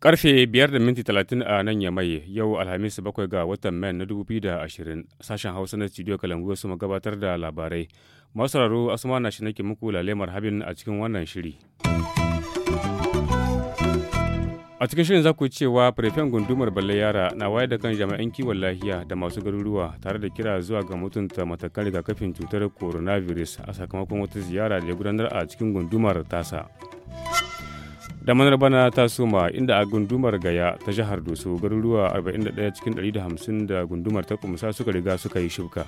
Karfe 5 da minti talatin a nan ya Yamai yau Alhamis 7 ga watan mai na da 2020 sashen Hausa na studio Kalangu su gabatar da labarai. Masu sauraro asuma na shi nake muku lalemar habin a cikin wannan shiri. a cikin shirin za ku cewa firfen gundumar balle yara na wayar da kan jami'an kiwon lafiya da masu garuruwa tare da kira zuwa ga mutunta matakan rigakafin cutar coronavirus a sakamakon wata ziyara da ya gudanar a cikin gundumar tasa da manar bana ta soma inda a gundumar gaya ta jihar doso garuruwa 41 cikin 150 da gundumar ta kumsa suka riga suka yi shibka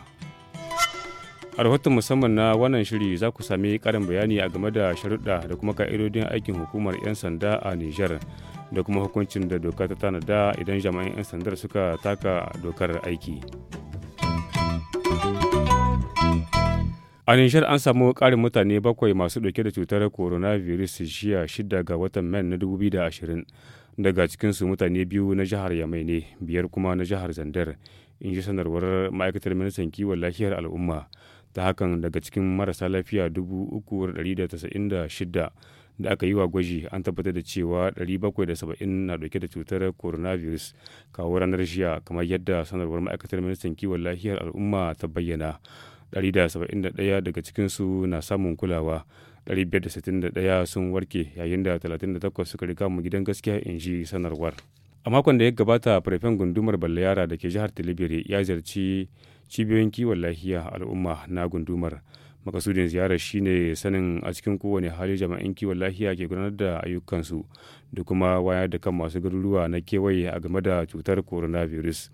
a rahoton musamman na wannan shiri za ku sami karin bayani a game da sharuɗa da kuma ka'idodin aikin hukumar 'yan sanda a nijar da kuma hukuncin da doka ta tanada idan jama'in 'yan sandar suka taka dokar aiki a nishar an samu ƙarin mutane bakwai masu ɗauke da cutar coronavirus shiya shida ga watan man na 2020 daga cikinsu mutane biyu na jihar yamai ne biyar kuma na jihar zandar in ji sanarwar ma'aikatar ministan kiwon lafiyar al'umma ta hakan daga cikin marasa lafiya shida. da aka yi wa gwaji an tabbatar da cewa 770 na dauke da cutar coronavirus kawo ranar jiya kamar yadda sanarwar ma'aikatar ministan kiwon lafiyar al'umma ta bayyana 171 daga cikinsu na samun kulawa 561 sun warke yayin da 38 suka riga mu gidan gaskiya in ji sanarwar a makon da ya gabata farfen gundumar ballayara da ke jihar talibiri ya ziyarci cibiyoyin kiwon lafiya al'umma na gundumar makasudin ziyarar shi ne sanin a cikin kowane hali jama'in kiwon lafiya ke gudanar da ayyukansu da kuma wayar da kan masu garuruwa na kewaye a game da cutar coronavirus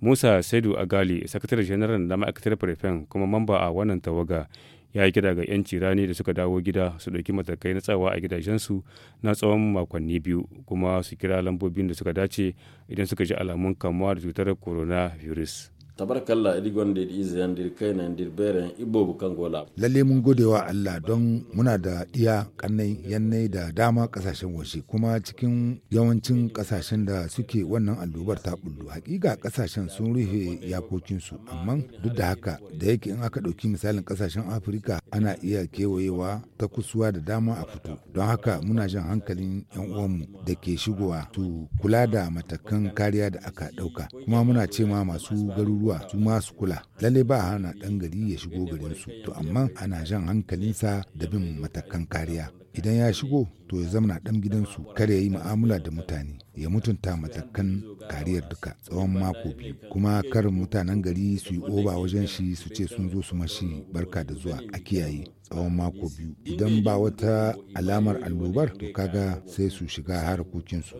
musa saidu agali sakataren janaral na ma'aikatar prefen kuma mamba a wannan tawaga ya yi kira ga 'yan cirani da suka dawo gida su ɗauki matakai na tsawa a gidajensu na tsawon makonni biyu kuma su kira lambobin da suka dace idan suka ji alamun kamuwa da cutar coronavirus. tabarkalla irigon da izi yandir kai yandir bere ibo bukan gola lalle mun wa Allah don muna da iya kannai yannai da dama kasashen waje kuma cikin yawancin kasashen da suke wannan allobar ta bullu hakika kasashen sun rufe yakokinsu amma duk da haka da yake in aka ɗauki misalin kasashen afirka ana iya kewayewa ta kusuwa da dama a fito don haka muna jan hankalin yan uwanmu da ke shigowa su kula da matakan kariya da aka ɗauka kuma muna ce masu garuruwa zuwa su ma su kula lalle ba hana ɗan gari ya shigo garin su to amma ana jan hankalinsa da bin matakan kariya idan ya shigo to ya zamana dan gidansu kare ya yi mu'amala da mutane ya mutunta matakan kariyar duka tsawon mako biyu kuma karin mutanen gari su yi oba wajen shi su ce sun zo su mashi barka da zuwa a kiyaye tsawon mako biyu idan ba wata alamar allobar to kaga sai su shiga harkokinsu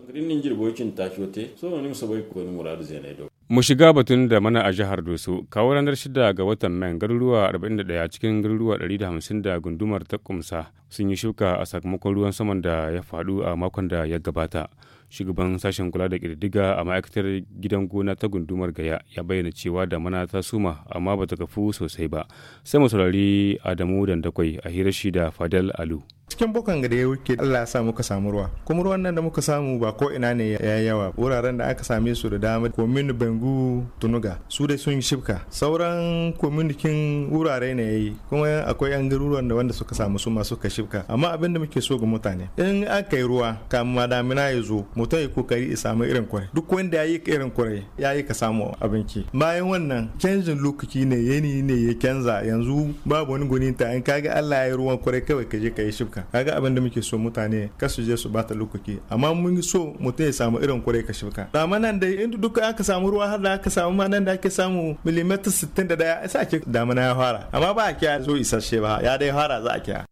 mu shiga batun da mana a jihar doso kawo ranar 6 ga watan mai garuruwa 41 cikin garuruwa 150 da gundumar ta kumsa sun yi shuka a sakamakon ruwan saman da ya faɗu a makon da ya gabata. Shugaban sashen kula da ƙididdiga a ma'aikatar gidan gona ta gundumar Gaya ya bayyana cewa damana ta suma amma ba ta kafu sosai ba. Sai mu saurari Adamu Dandakwai a hirar shi da fadal Alu. cikin bokan gari ya wuke Allah ya sa muka samu ruwa kuma ruwan nan da muka samu ba ko ina ne ya yawa wuraren da aka same su da dama komin bangu tunuga su dai sun yi shifka sauran komunikin wurare ne yayi kuma akwai yan garuruwan da wanda suka samu su ma suka shifka amma abin da muke so ga mutane in aka yi ruwa kamin damina ya zo mutum ya kokari ya samu irin kwarai duk wanda ya yi irin kwarai ya yi ka samu abinci bayan wannan canjin lokaci ne yini ne ya canza yanzu babu wani ta, in kaga Allah ya yi ruwan kwarai kawai ka je ka yi shifka haka kaga abin da muke so mutane kasu je su bata lokaci amma mun so mutum ya samu irin kurai ka ka amma nan da in duka aka samu ruwa har da aka samu ma nan da ake samu millimeter 61 sai ake damana ya fara amma ba a kiya zo isasshe ba ya dai fara za a kiya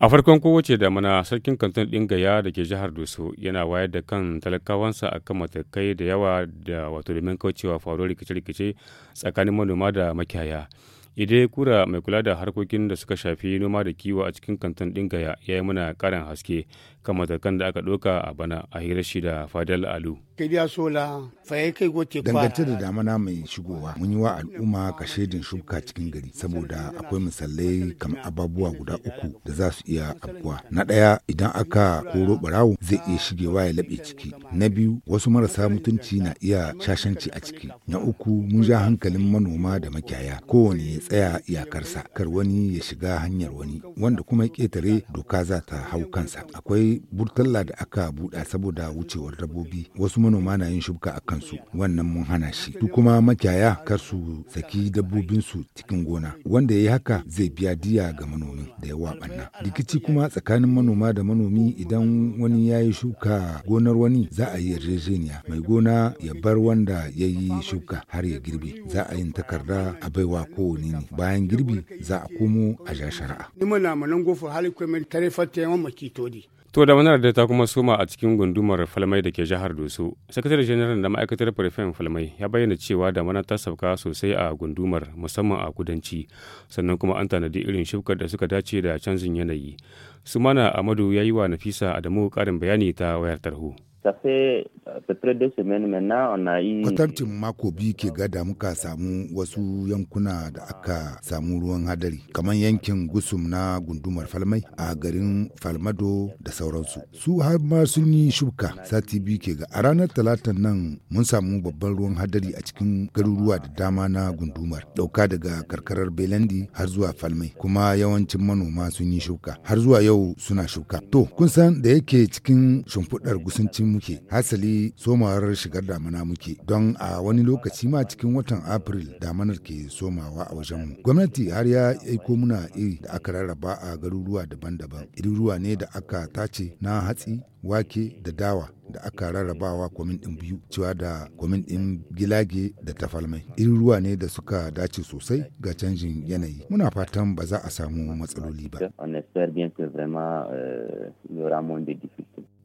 a farkon kowace damana sarkin kantin din gaya da ke jihar doso yana wayar da kan talakawansa a akan matakai da yawa da wato domin kaucewa faruwar rikice-rikice tsakanin manoma da makiyaya idai Kura mai kula da harkokin da suka shafi noma da kiwo a cikin kantin dingaya ya yi mana karin haske kan matakan da aka ɗauka a bana a hirar shi da Fadal Alu. Dangance da damana mai shigowa, mun yi wa al'umma kashedin shuka cikin gari saboda akwai misalai kama ababuwa guda uku da za su iya afkuwa. Na ɗaya idan aka koro barawo zai iya shigewa ya laɓe ciki. Na biyu wasu marasa mutunci na iya shashanci a ciki. Na uku mun ja hankalin manoma da makiyaya kowane ya tsaya iyakarsa kar wani ya shiga hanyar wani wanda kuma ya ƙetare doka za ta hau kansa. Akwai burtalla da aka buɗa saboda wucewar dabbobi wasu manoma na yin shuka a kansu wannan mun hana shi duk kuma makiyaya kar su saki su cikin gona wanda ya yi haka zai biya diya ga manomi da yawa ɓanna rikici kuma tsakanin manoma da manomi idan wani ya yi shuka gonar wani za a yi yarjejeniya mai gona ya bar wanda ya yi shuka har ya girbe za a yi takarda a baiwa kowane ne bayan girbi za a komo a ja shari'a. To da wani da ta kuma soma a cikin gundumar falmai da ke jihar Doso. Sakatare general da ma'aikatar farfen falmai ya bayyana cewa damana ta sauka sosai a gundumar musamman a kudanci sannan kuma an tanadi irin shukar da suka dace da canjin yanayi. Sumana Amadu ya yi wa Nafisa Adamu ƙarin bayani ta wayar tarho. ça fait euh, à peu deux semaines maintenant on a eu kwatancin mako biyu ke gada muka samu wasu yankuna da aka samu ruwan hadari kamar yankin gusum na gundumar falmai a garin falmado da sauransu su har ma sun yi shuka sati biyu ke ga a ranar talatan nan mun samu babban ruwan hadari a cikin garuruwa da dama na gundumar dauka daga karkarar belandi har zuwa falmai kuma yawancin manoma sun yi shuka har zuwa yau suna shuka to kun san da yake cikin shimfiɗar gusuncin muke hasali somawar shigar damana muke don a wani lokaci ma cikin watan april damanar ke somawa a wajen mu gwamnati har ya aiko muna iri da aka rarraba a garuruwa daban-daban ruwa ne da aka tace na hatsi wake da dawa da aka rarrabawa kwamin ɗin biyu cewa da kwamin ɗin gilage da tafalmai irin ruwa ne da suka dace sosai ga canjin yanayi muna fatan ba za a samu matsaloli ba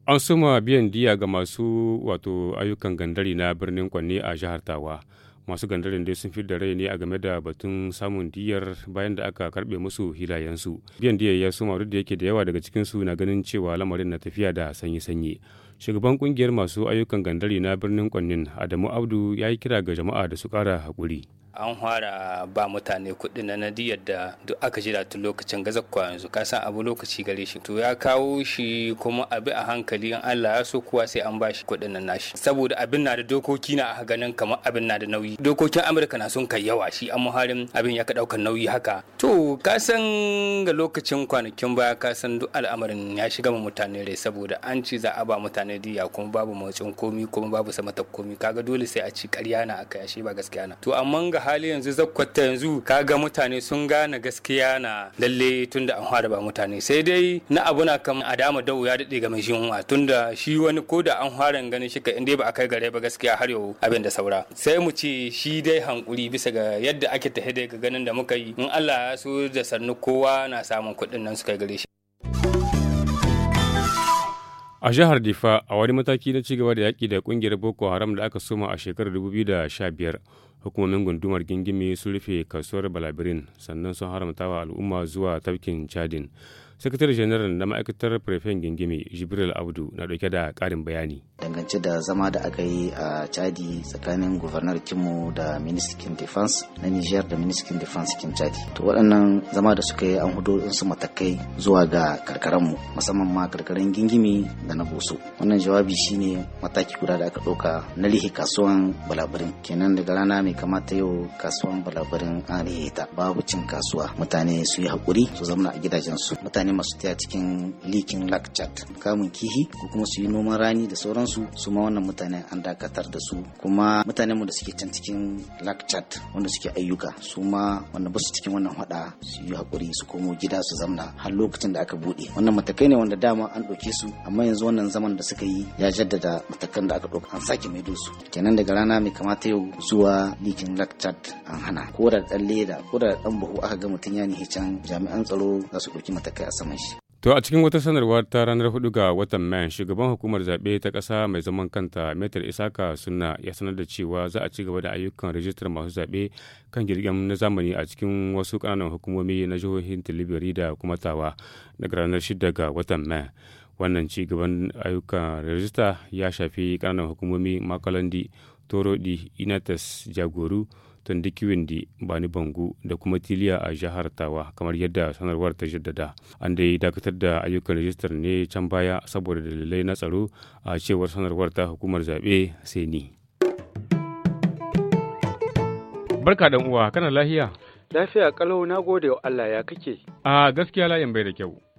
an suma biyan diya ga masu wato ayyukan gandari na birnin kwanne a jihar tawa masu gandarin dai sun fi da rai ne a game da batun samun diyar bayan da aka karbe musu hilayensu biyan diya ya suma duk da yake da yawa daga cikinsu na ganin cewa lamarin na tafiya da sanyi-sanyi shugaban kungiyar masu ayyukan gandari na birnin kwannin adamu abdu ya yi kira ga jama'a da su kara haƙuri an fara ba mutane kuɗi na nadiyar da duk aka jira tun lokacin gazakwa yanzu ka san abu lokaci gare shi to ya kawo shi kuma abi a hankali in Allah ya so kuwa sai an bashi shi kuɗin nan nashi saboda abin na da dokoki na a ganin kamar abin na da nauyi dokokin Amurka na son kai yawa shi an muharin abin ya ka daukar nauyi haka to ka san ga lokacin kwanakin baya ka san duk al'amarin ya shiga ma mutane rai saboda an ci za a ba mutane diya kuma babu motsin komi kuma babu samata komi kaga dole sai a ci ƙarya na aka yashe ba gaskiya na to amma ga hali yanzu zakwata yanzu kaga mutane sun gane gaskiya na lalle tunda an fara ba mutane sai dai na abu na kan a dama dawo ya dade ga mai yunwa tunda shi wani ko da an fara ganin shi ka inda ba a kai gare ba gaskiya har yau abin da saura sai mu ce shi dai hankuri bisa ga yadda ake tahe ga ganin da muka yi in Allah ya so da sannu kowa na samun kuɗin nan suka gare shi A jihar Difa, a wani mataki na cigaba da yaƙi da ƙungiyar Boko Haram da aka soma a shekarar 2015, hukumomin gundumar gingimi sun rufe kasuwar Balabirin sannan sun haramta wa al'umma zuwa tafkin Chadin. Sakatare janar na ma'aikatar Prefen Gingimi, Jibril Abdu, na ɗauke da ƙarin bayani. dangance da zama da aka yi a chadi tsakanin guvernar kimu da ministikin defense na niger da ministikin defense kim chadi to waɗannan zama da suka yi an hudu su matakai zuwa ga karkaranmu musamman ma karkaran gingimi da na boso wannan jawabi shine mataki guda da aka ɗauka na lihi kasuwan balabirin kenan daga rana mai kamata yau kasuwan balabirin an rihe ta babu cin kasuwa mutane su yi haƙuri su zauna a gidajensu mutane masu taya cikin likin lakchat kamun kihi ko kuma su yi noman rani da sauransu su ma wannan mutanen an dakatar da su kuma mutanen mu da suke can cikin lakchat wanda suke ayyuka su ma wanda ba su cikin wannan hada su yi hakuri su komo gida su zamna har lokacin da aka bude wannan matakai ne wanda dama an ɗauke su amma yanzu wannan zaman da suka yi ya jaddada matakan da aka ɗauka an sake mai su kenan daga rana mai kamata yau zuwa likin lakchat an hana ko da ɗan leda ko da ɗan buhu aka ga mutum ya ni can jami'an tsaro za su ɗauki matakai a saman shi To a cikin wata sanarwa ta ranar hudu ga watan Mayan shugaban hukumar zaɓe ta ƙasa mai zaman kanta Metar Isaka suna ya sanar da cewa za a ci gaba da ayyukan rijistar masu zaɓe kan jirgin na zamani a cikin wasu kananan hukumomi na jihohin Tilibiri da kuma Tawa daga ranar 6 ga watan Mayan. Wannan ci gaban ayyukan rajista ya shafi kananan hukumomi Makalandi, Torodi, Inatas, Jagoru, ba Bani Bangu da kuma Tiliya a jihar Tawa kamar yadda sanarwar ta jaddada. An dai dakatar da ayyukan rajistar ne can baya saboda dalilai na tsaro a cewar sanarwar ta hukumar zaɓe sai ni. Barka dan uwa kana lafiya? Lafiya kalau na gode wa Allah ya kake. A gaskiya layin bai da kyau.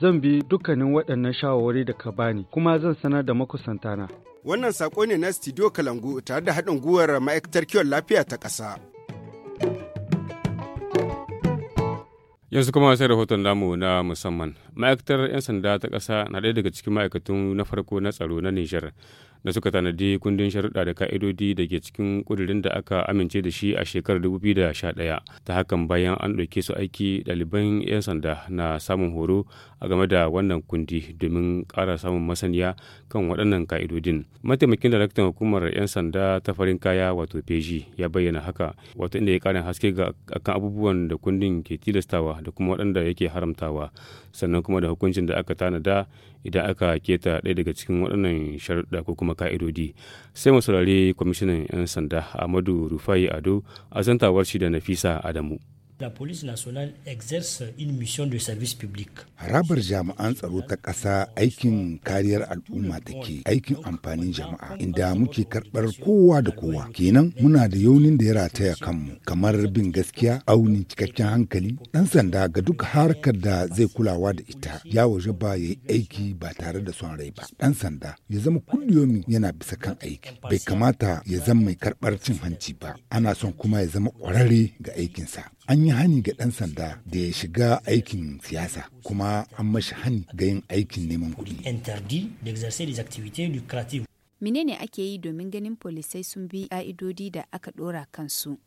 zan bi dukkanin waɗannan shawarwari da ka bani kuma zan sanar da makusantana. Wannan saƙo ne na Studio Kalangu tare da haɗin gwiwar ma'aikatar kiwon lafiya ta ƙasa. yanzu kuma sai rahoton namu na musamman ma'aikatar 'yan sanda ta ƙasa na ɗaya daga cikin ma'aikatu na farko na tsaro na nijar da suka tanadi kundin sharuɗa da ka'idodi da ke cikin ƙudurin da aka amince da shi a shekarar da sha 2011 ta hakan bayan an ɗauke su aiki ɗaliban 'yan sanda na samun horo a game da wannan kundi domin ƙara samun masaniya kan waɗannan ka'idodin mataimakin daraktan hukumar 'yan sanda ta farin kaya wato peji ya bayyana haka wato inda ya ƙara haske ga akan abubuwan da kundin ke tilastawa da kuma waɗanda yake haramtawa sannan kuma da hukuncin da aka tanada idan aka keta ɗaya daga cikin waɗannan sharuɗa ko kuma ka'idodi sai mu saurari kwamishinan 'yan sanda amadu rufai ado a zantawar shi da nafisa adamu la police nationale exerce une mission de service public. Harabar jami'an tsaro ta ƙasa aikin kariyar al'umma take aikin amfanin jama'a inda muke karɓar kowa da kowa. Kenan muna da yaunin da ya rataya kanmu kamar bin gaskiya, auni cikakken hankali, ɗan sanda ga duk harkar da zai kulawa da ita ya waje ba ya yi aiki ba tare da son rai ba. Ɗan sanda ya zama kulliyomi yana bisa kan aiki. Bai kamata ya zama mai karɓar cin hanci ba. Ana son kuma ya zama ƙwararre ga aikinsa. An yi hani ga ɗan sanda da ya shiga aikin siyasa kuma an mashi hani ga yin aikin neman kuɗi. Menene ake yi domin ganin polisai sun bi ƙa'idodi da aka ɗora kansu?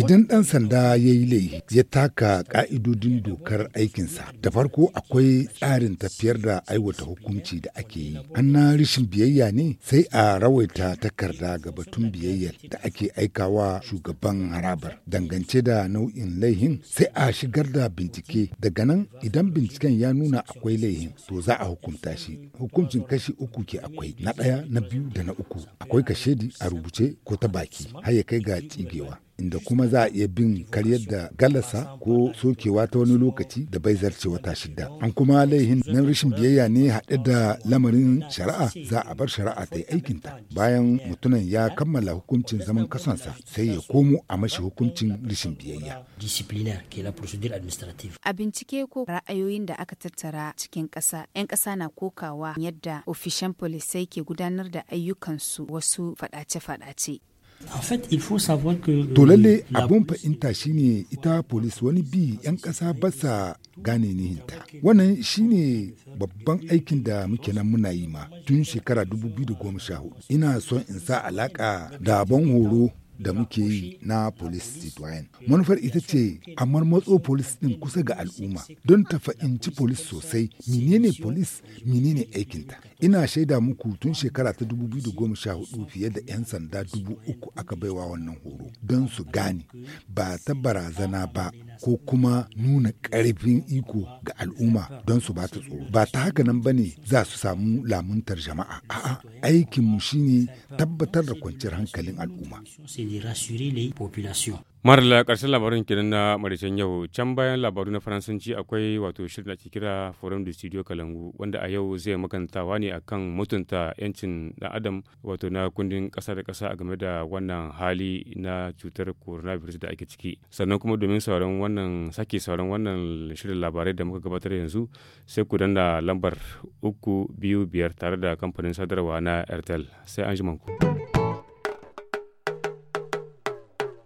Idan ɗan sanda ya yi laifi ya taka ƙa'idodin dokar aikinsa, da farko akwai tsarin tafiyar da aiwata hukunci da ake yi. An na rishin biyayya ne sai a rawaita takarda ga batun biyayyar da ake aikawa shugaban harabar. Dangance da nau'in laihin sai a shigar da bincike. Daga nan idan binciken ya nuna akwai laihin to za a hukunta shi. Hukuncin kashi uku ke akwai na ɗaya na biyu da na uku. Akwai kashedi a rubuce ko ta baki. har ya kai ga tsigewa. inda kuma za a iya bin karyar da galasa ko sokewa ta wani lokaci da bai zarce wata shida an kuma laihin na rashin biyayya ne haɗe da lamarin shari'a za a bar shari'a ta yi aikinta bayan mutumin ya kammala hukuncin zaman kasansa sai ya komo a mashi hukuncin rashin biyayya a bincike ko ra'ayoyin da aka tattara cikin ƙasa 'yan ƙasa na kokawa yadda ofishin polisai ke gudanar da ayyukansu wasu faɗace-faɗace To lalle abun fahimta shine ita polis wani bi 'yan ƙasa basa gane nihinta. Wannan shine babban aikin da muke nan muna yi ma tun shekara 2014. Ina son in sa alaka da ban horo da muke yi na polis citoyen manufar ita ce a marmatso polis din kusa ga al'umma don ta fahimci polis sosai menene polis menene aikinta ina shaida muku tun shekara ta 2014 fiye da 'yan sanda dubu uku aka baiwa wannan horo don su gane ba ta barazana ba ko kuma nuna karfin iko ga al'umma don su ba ta tsoro ba ta haka nan ba ne za su samu lamuntar jama'a a'a aikinmu shine tabbatar da kwanciyar hankalin al'umma et de rassurer les populations. marla ƙarshen labarin kiran na maricen yau can bayan labaru na faransanci akwai wato shirin da ke kira forum du studio kalangu wanda a yau zai makantawa ne akan mutunta yancin dan adam wato na kundin ƙasa da ƙasa game da wannan hali na cutar coronavirus da ake ciki sannan kuma domin sauran wannan sake sauran wannan shirin labarai da muka gabatar yanzu sai ku danna lambar uku biyu biyar tare da kamfanin sadarwa na airtel sai an ku.